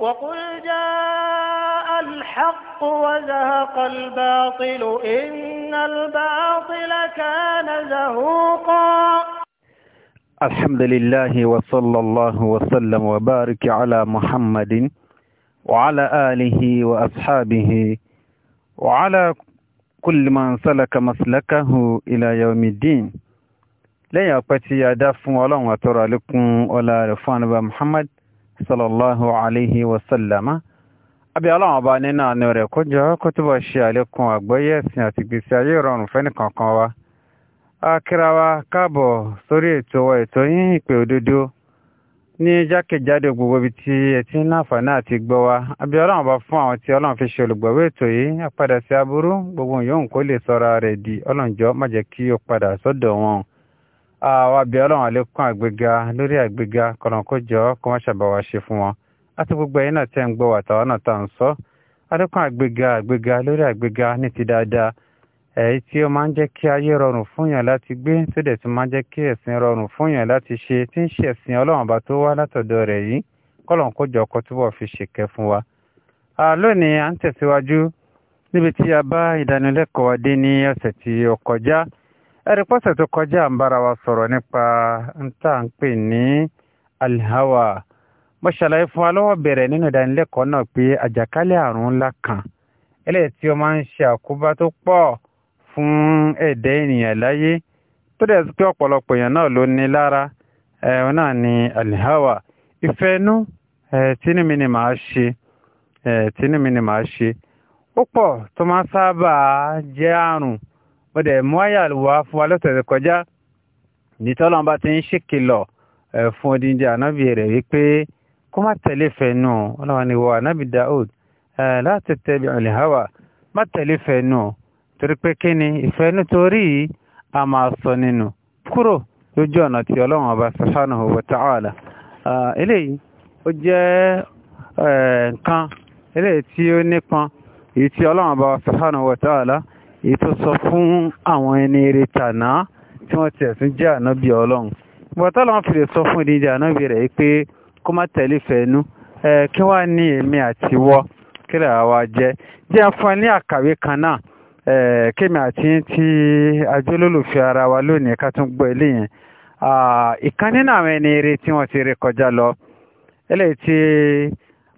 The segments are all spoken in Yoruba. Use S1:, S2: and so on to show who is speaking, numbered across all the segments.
S1: وقل جاء الحق وزهق الباطل إن الباطل كان زهوقا الحمد لله وصلى الله وسلم وبارك على محمد وعلى آله وأصحابه وعلى كل من سلك مسلكه إلى يوم الدين لا يا tí a dá fún ọlọ́run àtọrọ àlékún ọlá sallallahu alayhi wa sallama àbí ọlọ́run ọba nínú àánú rẹ̀ kó jọ kó túbọ̀ ṣe àlékún àgbọ́yé ẹ̀sìn àti ìgbésí ayé ìrọ̀rùn fẹ́ni kankan wa a kíra wa káàbọ̀ sórí ètò wa ètò yín ìpè òdodo ní jákèjádò gbogbo ibi tí ẹ ti ń láǹfààní àti gbọ́ wa àbí ọlọ́run ọba fún àwọn tí ọlọ́run fi ṣe olùgbọ̀wé ètò yìí àpadà sí aburú gbogbo yòówù kó lè sọra rẹ̀ di ọlọ́njọ́ má jẹ́ kí ó padà sọ́dọ̀ wọn àwa bí ọlọ́run àlékún àgbéga lórí àgbéga kọ̀nàkójọ kó má ṣàbàwà ṣe fún wọn àti gbogbo ẹ̀yin náà tẹ́ ń gbọ́ wàtàwọn náà tá à ń sọ àlékún àgbéga àgbéga lórí àgbéga ní ti dáadáa èyí tí ó máa ń jẹ́ kí ayé rọrùn fúnyàn láti gbé tó dẹ̀ tún máa ń jẹ́ kí ẹ̀sìn rọrùn fúnyàn láti ṣe tí ń ṣe ẹ̀sìn ọlọ́run bá tó wá látọ̀dọ̀ rẹ̀ yìí kọ́lọ̀n kójọ ọkọ̀ fi ṣèkẹ́ fún wa. lónìí à ń tẹ̀síwájú níbi tí a bá ìdánilẹ́kọ̀ọ́ dé ní ọ̀sẹ̀ tí ó kọjá ẹ̀rí pọ́sẹ̀ tó kọjá ń bára wa sọ̀rọ̀ nípa ń tà ń pè ní alhawa mo ṣàlàyé fún wa lọ́wọ́ bẹ̀rẹ̀ nínú ìdánilẹ́kọ̀ọ́ náà pé àjàkálẹ̀ àrùn ńlá kan eléyìí tí ó máa ń ṣe àkóbá tó pọ̀ fún ẹ̀dẹ́ ènìyàn láyé tó dẹ̀ pé ọ̀pọ̀lọpọ̀ èèyàn náà ló ní lára ẹ̀hún náà ni alhawa ìfẹ́nú tínú mi ni màá ṣe tínú mi ni màá ṣe ó pọ̀ tó máa sábà jẹ́ àrùn ó dẹ̀ mú àyà wá fún wa lọ́sẹ̀ kọjá ní tọ́lọ́n bá ti ń ṣèkìlọ̀ fún odindi ànábì rẹ̀ wípé kó má tẹ̀lé fẹ́nu ọlọ́wọ́n ni wọ ànábì Daud láti tẹ̀lé ọ̀lẹ́hàwà má tẹ̀lé fẹ́nu torí pé kí ni ìfẹ́nu torí a máa sọ nínú kúrò lójú ọ̀nà tí ọlọ́wọ́n ọba subhanahu wa ta'ala eléyìí ó jẹ́ nǹkan eléyìí tí ó nípọn èyí tí ọlọ́wọ́n ọba subhanahu wa ta'ala ètò sọ fún àwọn ẹni eré tàná tí wọ́n tiẹ̀ tún jẹ́ ànábì ọlọ́run bọ́tá làwọn fi lè sọ fún ìdíje ànábì rẹ̀ pé kó má tẹ̀lé fẹ́nu kí wàá ní èmi àti wọ́ kí lè wá jẹ́ jẹ́ fún ẹ ní àkàwé kan náà kémi àti ti ajólólùfẹ́ ara wa lónìí ká tún gbọ́ ti rí kọjá lọ eléyìí tí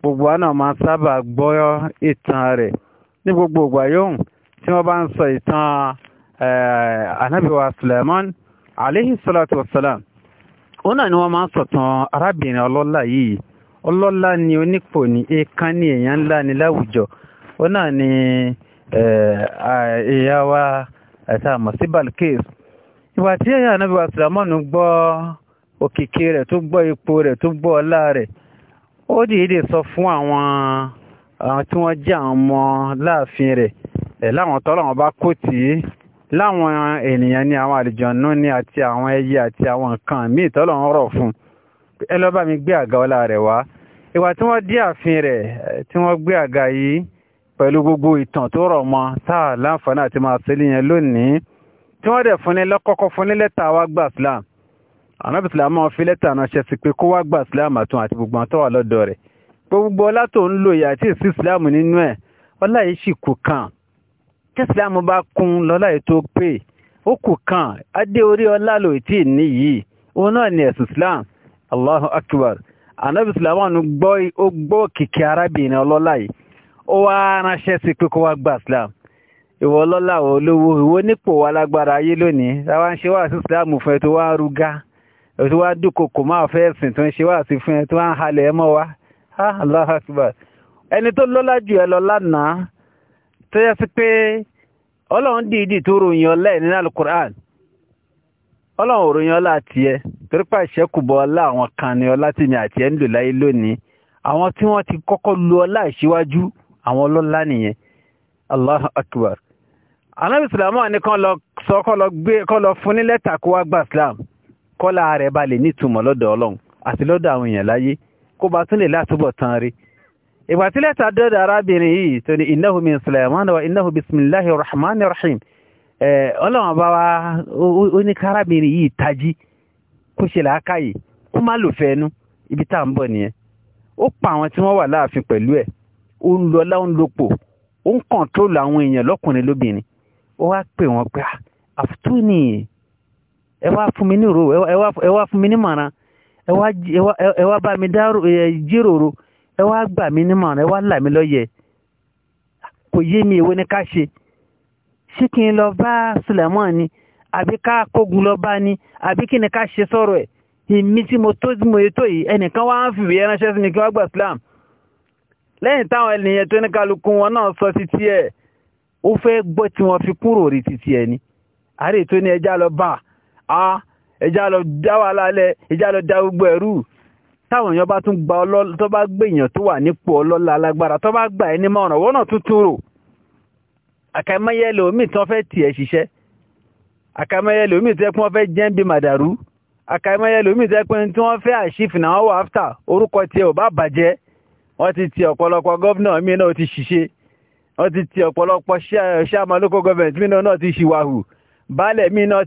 S1: gbogbo àná máa sábà gbọ́ ìtàn rẹ̀ ní gbogbo yóò hàn tí wọ́n bá ń sọ ìtàn anábìwá eh, Suleiman aleyhi salatu wasalam ó náà ni wọ́n máa ń sọ̀tàn arábìnrin ọlọ́lá yìí ọlọ́lá ni onípò ní èèkàn ní èèyàn ńlá ní láwùjọ ó náà ni eh, ìyá wa ẹ̀ta àmọ̀ sí Balkis ìwà tí ẹ̀yà anábìwá Suleiman gbọ́ òkìkí rẹ̀ tó gbọ́ ipò rẹ̀ tó gbọ́ ọlá rẹ̀ ó dìídì sọ fún àwọn tí wọ́n jẹ́ àwọn ọmọ láàfin rẹ̀ ẹ̀ eh, láwọn tọ́lọ́wọ́n bá kó tì í láwọn ènìyàn ní àwọn àlùjọ̀nnú ní àti àwọn ẹyẹ àti àwọn nǹkan míì tọ́lọ́wọ́n rọ̀ fún ẹ lọ́ bá mi gbé àga ọlá rẹ̀ wá ìwà tí wọ́n dí ààfin rẹ̀ eh, tí wọ́n gbé àga yìí pẹ̀lú gbogbo ìtàn tó rọ̀ mọ́ táà láǹfààní àti máa ṣẹlẹ̀ yẹn lónìí tí wọ́n dẹ̀ fún ní lọ́kọ́kọ́ fún ní lẹ́tà wá gbà Islam àwọn Islam máa fi lẹ́tà ránṣẹ́ sí pé kó wá gbà Islam àtún àti gbogbo àwọn lọ́dọ̀ rẹ̀ gbogbo ọlá tó ń lò yìí àti ìsí Islam nínú ẹ̀ ọlá yìí sì kú kan kísìlámù bá kún lọ́lá ètò pé ó kù kan adé orí ọlá lò tí ní yìí òun náà ni ẹ̀sùn islam allahu akbar anabi sulaimanu gbọ́ ó gbọ́ kìkì arábìnrin ọlọ́lá yìí ó wá ránṣẹ́ sí pé kó wá gba islam ìwọ ọlọ́lá olówó ìwọ nípò wa lágbára ayé lónìí táwa ń ṣe wá sí islam fún ẹ tó wá rúgá ẹ tó wá dúnkokò máa fẹ́ ẹ̀sìn tó ń ṣe wá sí fún ẹ tó wá ń halẹ̀ mọ́ wa ah, allahu akbar ẹni tó lọ́lá jù ẹ lọ lánàá tó yẹ sí pé ọlọ́run dìídì tó ròyìn ọlá ẹ̀ nínú alukur'an ọlọ́run ò ròyìn ọlá tiẹ̀ torí pa ìṣẹ́kùbọ̀ ọlá àwọn kan ni ọlá tèmi àti ẹ̀ ń lò láyé lónìí àwọn tí wọ́n ti kọ́kọ́ lu ọlá ìṣíwájú àwọn ọlọ́lá nìyẹn Allahu akbar anabi sulamu ni kọ́ lọ sọ kọ́ lọ gbé kọ́ lọ fún ní lẹ́tà kó wá gba islam kọ́lá rẹ̀ balẹ̀ nítumọ̀ lọ́dọ̀ ọlọ́run àti lọ́dọ̀ àwọn èèyàn láyé kó bá tún lè látúbọ̀ tán rí ìgbà tí lẹ́tà dọ́dọ̀ arábìnrin yìí tó ní innahu min Sulaiman wa innahu bismillahi rahman rahim ọlọ́wọ́n bá wa ó yìí tají kó ṣe làákà yìí kó má lò fẹ́nu ibi tá ń bọ̀ nìyẹn ó pa àwọn tí wọ́n wà láàfin pẹ̀lú ẹ̀ ó ń lọ láwọn lopò ó ń kọ̀ǹtrólù àwọn èèyàn lọ́kùnrin lóbìnrin ó wá pè wọ́n pé ah, àfútú ẹ wá fún mi ní ìró ẹ wá fún mi ní ẹ wá gbà mí nímọ̀ràn ẹ wá là mí lọ́yẹ̀ kò yé mi èwo ni ká ṣe ṣé kí n lọ bá Suleiman ni àbí ká kógun lọ bá ni àbí kí ni ká ṣe sọ̀rọ̀ ẹ̀ èmi tí mo tó mo ètò yìí ẹnìkan wá ń fìwé ránṣẹ́ sí mi kí wọ́n gbà Islam lẹ́yìn táwọn ènìyàn tó ní kálukú wọn náà sọ títí ẹ̀ ó fẹ́ gbọ́ tí wọ́n fi kúrò rí títí ẹ̀ ni àárẹ̀ tó ní ẹja lọ bá a ẹja lọ dá wàhálà lẹ ẹja lọ dá gbogbo ẹ̀rú táwọn èèyàn bá tún gba ọlọ́lá tó bá gbé èèyàn tó wà nípò ọlọ́lá alágbára tó bá gbà ẹ́ ní mọ̀ràn wọ́n náà tuntun rò àkàìmọ́yẹ lòmíì tí wọ́n fẹ́ tì ẹ́ ṣiṣẹ́ àkàìmọ́yẹ lòmíì tí wọ́n fẹ́ jẹ́ ń bí màdàrú àkàìmọ́yẹ lòmíì tí wọ́n fẹ́ àṣìfì náà wà áfítà orúkọ tiẹ̀ ò bá bàjẹ́ wọ́n ti ti ọ̀pọ̀lọpọ̀ gọ́vnà mi náà ti ṣiṣẹ́ wọ́n ti ti ọ̀pọ̀lọpọ̀ ṣáàmà mi náà ti ṣìwàhù baálẹ̀ mi náà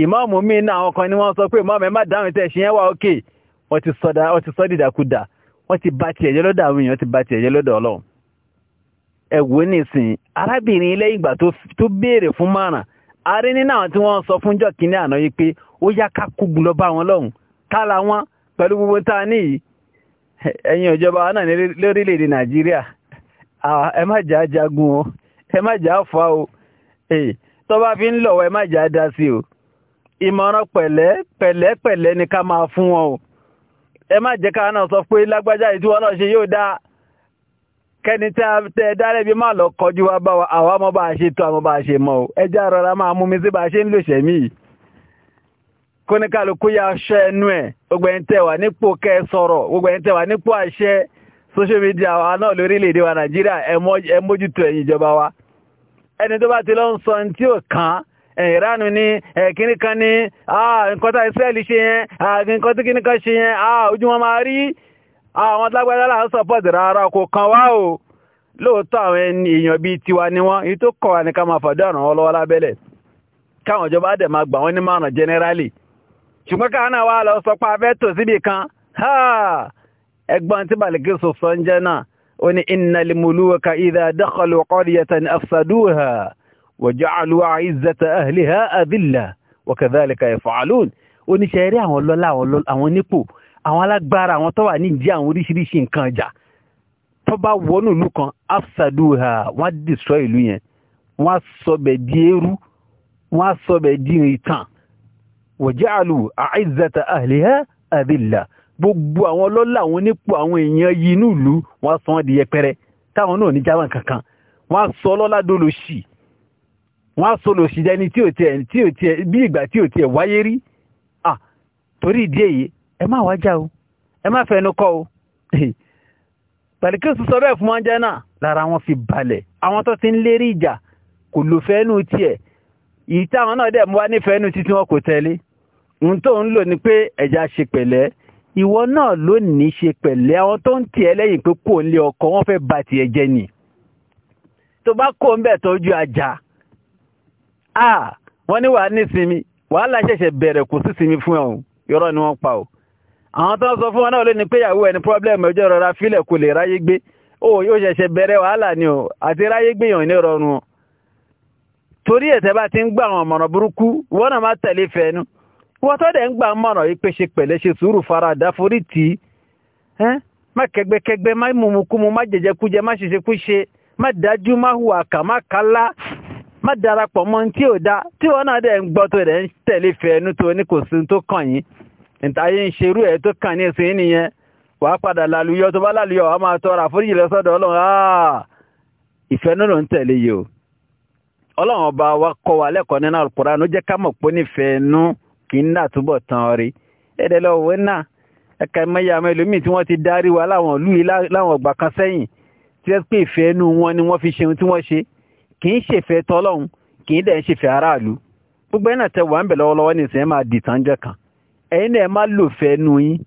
S1: ìmáàmù mi náà àwọn kan ni wọ́n sọ pé ìmáàmù ẹ má dáhùn tẹ́ ṣe yẹn wà ókè wọ́n ti sọ dídàkudà wọ́n ti bà tiẹ̀ jẹ́ lọ́dọ̀ àwọn èèyàn ti bà tiẹ̀ jẹ́ lọ́dọ̀ ọlọ́run ẹ wò ó nìsín arábìnrin ilé ìgbà tó béèrè fún márùn arí nínú àwọn tí wọ́n sọ fúnjọ́ kínní àná yìí pé ó yá ká kúgun lọ bá wọn lọ́hùn tálà wọn pẹ̀lú gbogbo tá a níyì ẹ̀yin ìjọba wa náà ní lórílẹ̀‐èdè nàìjíríà ẹ má jà á jagun o ẹ má jà á fa o tó fi ń lọ̀wọ́ ẹ má jà á dá sí o ìmọ̀ràn pẹ̀lẹ́ pẹ̀lẹ́ pẹ̀lẹ́ ni ká máa fún wọn o ẹ má jẹ́ ká náà sọ pé lágbájá ìtú wọn náà ṣe yóò dáa kẹ́ni tí a tẹ dárẹ́ bí máa lọ kọjú wa bá àwọn ọmọ bá ṣe tó àwọn bá ṣe mọ́ o ẹ já rọra máa mú mi sí bá ṣe ń lò ṣẹ̀mí kóníkàlùkù ya ṣọ ẹnu ẹ̀ gbogbo ẹni tẹ wà nípò kẹ́ sọ̀rọ̀ gbogbo ẹni tẹ wà nípò àṣẹ social media wa náà lórílẹ̀‐èdè wa Nàìjíríà ẹ mójútó ẹ̀yìn ìjọba wa ẹni tó bá ti lọ ń sọ ní tí ò kàn án ìránu ní ẹ̀kíní kan ní ah, nǹkan tá ìsírẹ́lì ṣe yẹn ah, nǹkan tí kíní kan ṣe yẹn ah, ojú wọn máa rí àwọn alágbádá là ń sọpọ́ọ̀tì rárá kò kan wá o lóòótọ́ àwọn ẹni èèyàn bíi tiwa ni wọ́n èyí tó kọ̀ wá ní ká máa fàdé àrùn wọn lọ́wọ́ lábẹ́lẹ̀ káwọn ìjọba á dẹ̀ máa gbà wọ́n ní márùn generally ṣùgbọ́n káwọn náà wá lọ sọ pé abẹ́ tò síbì kan ẹgbọ́n tí bàlìkì sọ ń jẹ́ náà ó ní innal muluka idha dakhalu qaryatan وجعلوا عزة أهلها أذلة وكذلك يفعلون oníṣẹ́rí àwọn lọ́lá àwọn nípò àwọn alágbára àwọn tó wà ní ìdí àwọn oríṣiríṣi nǹkan ìjà tó bá wọnú ìlú kan afsaduha wọ́n destroy ìlú yẹn wọ́n sọbẹ̀ di eérú wọ́n sọbẹ̀ di ìtàn waja'alu a'izzata ahliha adilla gbogbo àwọn lọ́lá àwọn nípò àwọn èèyàn yìí inú ìlú sọ wọ́n di yẹpẹrẹ táwọn náà ní jáwọn kankan wọ́n sọ lọ́lá dolo sí i wọ́n á sọ̀lọ̀ òṣìṣẹ́ ni tí ò tiẹ̀ tí ò tiẹ̀ bí ìgbà tí ò tiẹ̀ wáyé rí à torí ìdí èyí ẹ má wájà o ẹ má fẹnu kọ o pẹ̀lúkẹ́sù sọ bẹ́ẹ̀ fún wọn jẹ́ náà lára wọn fi balẹ̀ àwọn tó ti ń lérí ìjà kò lò fẹ́nu tiẹ̀ ìyí táwọn náà dẹ̀ mú wá nífẹ̀ẹ́nu títí wọn kò tẹ́lé ohun tó ń lò ní pé ẹ̀já ṣe pẹ̀lẹ́ ìwọ náà ló ṣe pẹ̀lẹ́ àwọn tó ń tiẹ̀ lẹ́yìn pé kò ń lé ọkọ wọn fẹ́ ba tiẹ̀ jẹ́ ni tó bá kó ń bẹ̀ tọ́jú ajá ah wọ́n ní wàá ní sinmi wàhálà ṣẹ̀ṣẹ̀ bẹ̀rẹ̀ kò sí sinmi fún ẹ̀hún yọ̀rọ̀ ni wọ́n pa ọ́ àwọn tó ń sọ fún wọn náà ló ní péyàwó ẹni pọ́blẹ́mù ẹjọ́ rọra fílẹ̀ kò lè ráyé gbé ó yóò ṣẹ̀ṣẹ̀ bẹ̀rẹ̀ wàhálà ni àti ráyé ní rọrùn torí má darapọ̀ mọ́ tí ò dá tí wọ́n náà dẹ̀ ń gbọ́ tó rẹ̀ ń tẹ̀lé fẹ́ ẹnu tó ní kò sí tó kàn yín ìtayé ń ṣerú ẹ̀ tó kàn ní ìsìn nìyẹn wà á padà lálùyọ tó bá lálùyọ wà á máa tọrọ àforíjì lọ sọ́dọ̀ ọlọ́run áà ah! ìfẹ́ náà ló ń tẹ̀lé yìí o ọlọ́run ọba wa kọ́ wa lẹ́kọ̀ọ́ nínú àlùkùránì ló jẹ́ ká mọ̀ pé nífẹ̀ẹ́ nú kì í nà túbọ̀ tán rí ẹ̀dẹ̀ lọ òwe náà ẹ̀ka ìmọ̀ya àwọn ẹlòmíì tí wọ́n ti darí wa láwọn ìlú yìí láwọn ọgbà kan sẹ́yìn tí wọ́n pè ìfẹ́ nú wọn ni wọ́n fi ṣe ohun tí wọ́n ṣe kìí í fẹ́ tọ́lọ́hún kì dẹ̀ ṣèfẹ́ aráàlú gbogbo ẹ̀ náà tẹ wà ń bẹ̀ lọ́wọ́lọ́wọ́ ní ìsìn ẹ̀ máa kan ẹ̀yin náà ẹ lò fẹ́ nu yín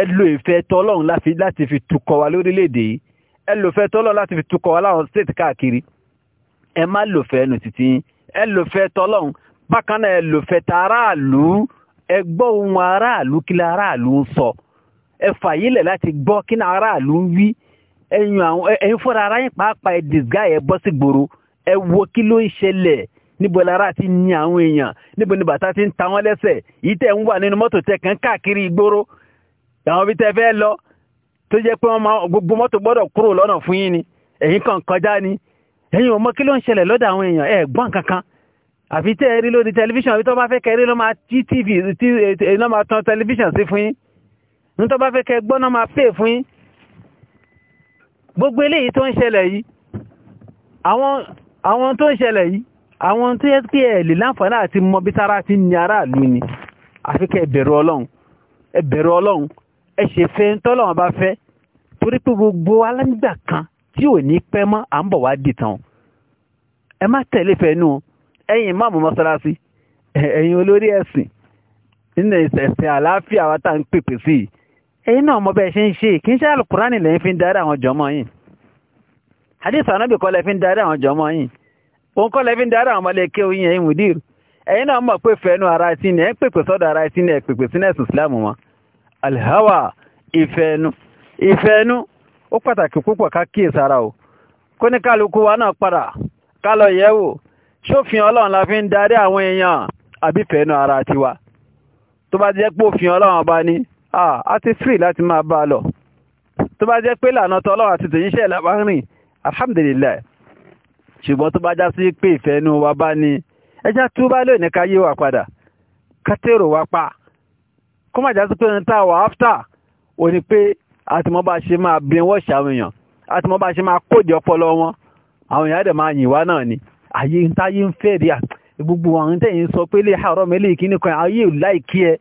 S1: ẹ lo ìfẹ́ tọ́lọ́hún láti fi tukọ̀ wa lórílẹ̀‐èdè yìí lò fẹ́ tọ́lọ́hún láti fi wa láwọn state káàkiri lò fẹ́ nu títí yín lò fẹ́ ta aráàlú gbọ́ ohun ara yín pàápàá ẹ wo kí ló ń ṣẹlẹ̀ níbo lára ti ń yan àwọn èèyàn níbo ni bàtà ti ń ta wọ́n lẹ́sẹ̀ yìí tẹ̀ ń wà nínú mọ́tò tẹ̀ kàn káàkiri ìgboro àwọn ibi tẹ́ fẹ́ lọ tó jẹ́ pé wọ́n máa gbogbo mọ́tò gbọ́dọ̀ kúrò lọ́nà fún yín ni ẹ̀yin kan kọjá ni ẹ̀yin ò mọ kí ló ń ṣẹlẹ̀ lọ́dọ̀ àwọn èèyàn ẹ̀ gbọ́n kankan àfi tẹ́ ẹ rí lórí tẹlifíṣàn àbí tó bá fẹ́ kẹ́ rí ló máa tí tv iná máa tan tẹlifíṣàn sí fún yín ní tó bá fẹ́ kẹ́ gbọ́n náà máa àwọn tó ń ṣẹlẹ̀ yìí àwọn tó yẹ pé ẹ̀ lè láǹfààní àti mọ bí tára ti ní aráàlú ni àfikẹ́ ẹ̀bẹ̀rù ọlọ́run ẹ̀bẹ̀rù ọlọ́run ẹ ṣe fẹ́ tọ́lọ́run bá fẹ́ torí pé gbogbo alágbà kan tí ò ní pẹ́ mọ́ à ń bọ̀ wá dìtàn ẹ má tẹ̀lé fẹ́nu ẹ̀yin máàmù mọ́sálásí ẹ̀yin olórí ẹ̀sìn nínú ìṣẹ̀ṣẹ̀ àlàáfíà wa tá à ń pèpè sí ẹ̀yin náà mọ bẹ́ẹ̀ ṣe ń ṣe kì í ṣe àlùkùránì lẹ́yìn fi ń darí àwọn jọmọ yìí hadith anabi kọ́ lẹ́fí ń darí àwọn jọmọ yìí òun kọ́ lẹ́fí ń darí àwọn ọmọlẹ́ kéwú yẹn ìwù dìr ẹ̀yin náà mọ̀ pé fẹ́nu ara ti ní ẹ̀ ń pèpè sọ́dọ̀ ara ti ní ẹ̀ pèpè sínú ẹ̀sùn islam wọn alhawa ìfẹ́nu ìfẹ́nu ó pàtàkì púpọ̀ ká kíyèsí ara o kó ní kálukú wa náà padà ká lọ yẹ̀ wò ṣófin ọlọ́run la fi ń darí àwọn èèyàn àbí fẹ́nu ara tiwa tó bá jẹ́ pé òfin ọlọ́run ọba ni a ti free láti máa bá a lọ tó bá jẹ́ pé lànà tọ́lọ́run àti tèyí ṣẹ̀ lábá alhamdulillah ṣùgbọ́n tó bá já sí pé ìfẹ́ inú wa bá ní ẹjá tó bá lè ní ká yé wa padà kátèrò wa pa kó má já sí pé ní tá a wà áfítà ò ní pé àtìmọ́ bá ṣe máa bí wọ́n ṣàwọn èèyàn àtìmọ́ bá ṣe máa kóde ọpọlọ wọn àwọn èèyàn dẹ̀ máa yìn wá náà ni àyè ń táyé ń fẹ́ rí à gbogbo àwọn tẹ̀yìn sọ pé lè àárọ̀ mẹ́lẹ̀ ìkíní kan ayé ò láìkí ẹ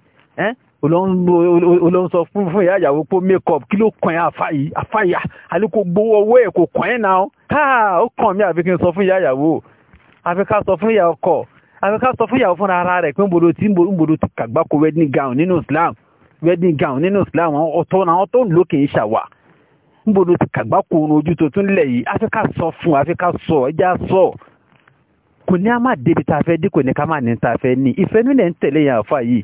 S1: olóń sọ fún fún ìyá ìyàwó pé makeup kí ló kàn yín àfàyí àfàyí àlékò gbowó owó ẹ̀ kò kàn yín náà káà ó kàn mí àfi kí n sọ fún ìyá ìyàwó àfi ká sọ fún ìyá ọkọ àfi sọ fún ìyàwó fúnra ara rẹ̀ pé nbolo ti nbolo ti kàgbákò wedding gown nínú Islam wedding gown nínú Islam ọ̀tọ̀ náà ọ̀tọ̀ ń lò kì í ṣàwà nbolo ti kàgbákò ojú tuntun lẹ̀ yìí àfi ká sọ fún àfi ká sọ ẹja sọ kò ní a má débi tá a fẹ́ dí kò ní ká má ní tá a fẹ́ ní ìfẹ́ nílẹ̀ ń tẹ̀lé yàn àfa yìí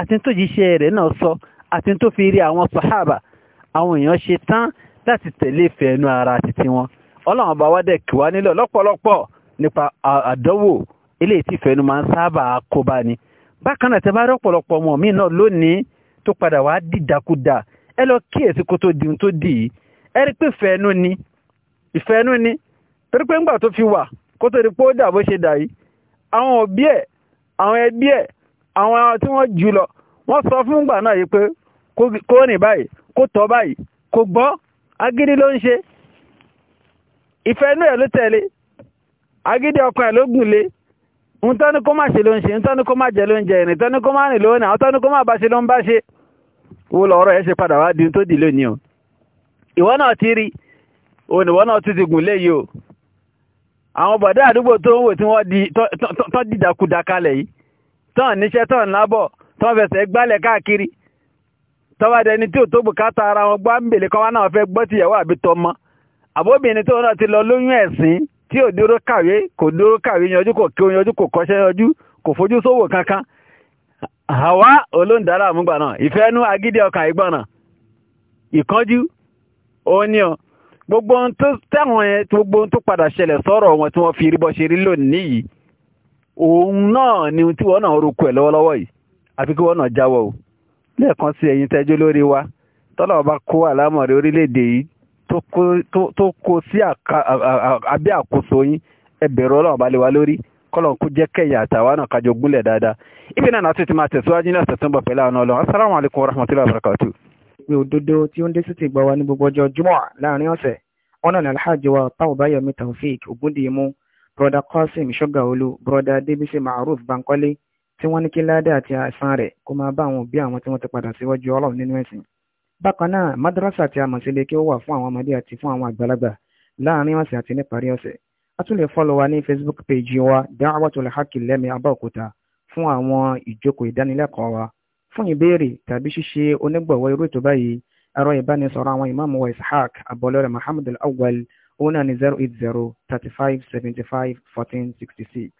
S1: àti tó jíṣẹ́ rẹ̀ náà sọ àti tó fi rí àwọn sàhábà àwọn èèyàn ṣe tán láti tẹ̀lé ìfẹ́ ẹnu ara títí wọn ọlọ́run bá wádẹ̀ kí wá nílò lọ́pọ̀lọpọ̀ nípa àdánwò eléyìí tí ìfẹ́ ẹnu máa ń sábà kóbá ni bákan náà tẹ bá rọ́pọ̀lọpọ̀ ọmọ mi náà lónìí tó padà wá dìdàkudà ẹ lọ kíyèsí kó tó di tó dì í ẹ rí pé ìfẹ́ ẹnu ni ìfẹ́ ẹnu ni torí pé ńgbà tó fi wà kó tó di pé ó dà bó ṣe dà yìí àwọn òbí ẹ̀ àwọn ẹbí ẹ̀ àwọn tí wọ́n jù lọ wọ́n sọ fún ìgbà náà yìí pé kó rìn báyìí kó tọ́ báyìí kò gbọ́ agídí ló ń ṣe ìfẹ́ inú ẹ̀ ló tẹ̀lé agídí ọkọ ẹ̀ ló gùn lé ntọ́ ni kó má ṣe ló ń ṣe ntọ́ ni kó má jẹ ló ń jẹ ìrìn tọ́ kó má rìn ló ń rìn àwọn tọ́ kó má bá ṣe ló ń bá ṣe wo lọ́rọ̀ ẹ̀ ṣe padà wá di tó dì lónìí o ìwọ náà ti rí òun ìwọ náà tún ti gùn léyìí o àwọn bọ̀dá àdúgbò tó ń wò tí wọ́n di tọ́ dìdàkudà kalẹ̀ yìí tán níṣẹ́ tán lábọ̀ tán fẹsẹ̀ gbálẹ̀ káàkiri tọ́wádẹ́ ni tí ò tó bùkátà ara wọn gbá ń kọ́wá náà fẹ́ gbọ́ tìyàwó àbí tọmọ àbóbìnrin tó náà ti lọ lóyún ẹ̀sìn tí ò dúró kàwé kò dúró kàwé yanjú kankan àwa olóńdàrà àmúgbà náà ọkà ìkánjú gbogbo ohun tó gbogbo ohun tó padà ṣẹlẹ̀ sọ̀rọ̀ wọn tí wọ́n fi rí bọ́ ṣe rí lónìí òun náà ni tí wọ́n náà rúkọ ẹ̀ lọ́wọ́lọ́wọ́ yìí àfi kí wọ́n náà jáwọ́ o lẹ́ẹ̀kan sí ẹ̀yin tẹ́jọ́ lórí wa tọ́lá ọba kó àlámọ̀rí orílẹ̀-èdè yìí tó kó sí abẹ́ àkóso yín ẹ bẹ̀rù ọlọ́run balẹ̀ wa lórí kọ́lọ̀ kó jẹ́ kẹ̀yà àtàwọn náà kájọ gúnlẹ̀ dáadáa ibi náà láti ti máa tẹ̀síwájú ní ọ̀sẹ̀ tó ń bọ̀ pẹ̀lú àwọn ọlọ́run asalaamu alaykum wa rahmatulahi wa barakatu. pé òdodo tí ó ń dé sí ti gbọ́ wa ní gbogbo ọjọ́ jùmọ̀ láàrin ọ̀sẹ̀ ọ̀nà ní alhaji wa táwọn báyọ̀ mi Taofeek Ogundiyimu broda Qasim Ṣọ́gàolú broda Débísí Maruf Bankole tí wọ́n ní kí ládé àti àìsàn rẹ̀ kó máa bá àwọn òbí àwọn tí wọ́n ti padà síwájú Ọlọ́run nínú ẹ̀sìn. bákan náà madrasa àti amọ̀sílẹ̀ kí ó wà fún àwọn ọmọdé àti fún àwọn àgbàlagbà láàrin ọ̀sẹ̀ àti níparí ọ̀sẹ̀. a tún lè fọ́lọ̀ wa ní Facebook page wa Da'watul Haqi lẹ́mí Abẹ́òkúta fún àwọn ìjókòó ìdánilẹ́kọ̀ọ́ wa fún ìbéèrè tàbí ṣíṣe onígbọ̀wọ́ irú ètò báyìí ẹ̀rọ ìbánisọ̀rọ̀ àwọn ìmáàmù wa Ishaq abọ́lọ́rẹ̀ Muhammad al-Awwal òun náà ni zero eight zero thirty five seventy five fourteen sixty six.